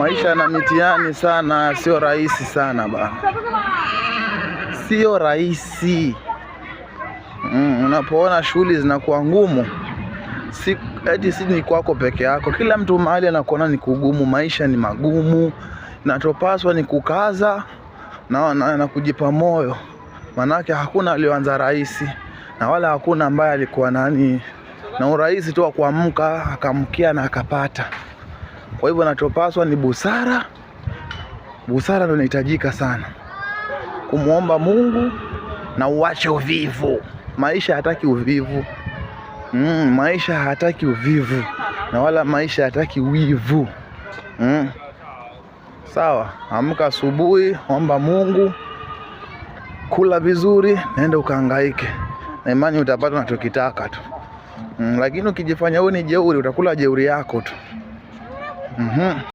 Maisha na mitihani sana, sio rahisi sana bana, sio rahisi mm. Unapoona shughuli zinakuwa ngumu, si eti si ni kwako peke yako, kila mtu mahali anakuona ni kugumu. Maisha ni magumu, natopaswa ni kukaza na, na, na kujipa moyo, manake hakuna alioanza rahisi na wala hakuna ambaye alikuwa nani na urahisi tu wa kuamka akamkia na akapata. Kwa hivyo nachopaswa ni busara. Busara ndio inahitajika sana, kumwomba Mungu na uache uvivu. Maisha hataki uvivu mm, maisha hataki uvivu na wala maisha hataki wivu mm. Sawa, amka asubuhi, omba Mungu, kula vizuri, naenda ukahangaike na imani utapata unachokitaka tu mm. Lakini ukijifanya wewe ni jeuri, utakula jeuri yako tu. Hı hı.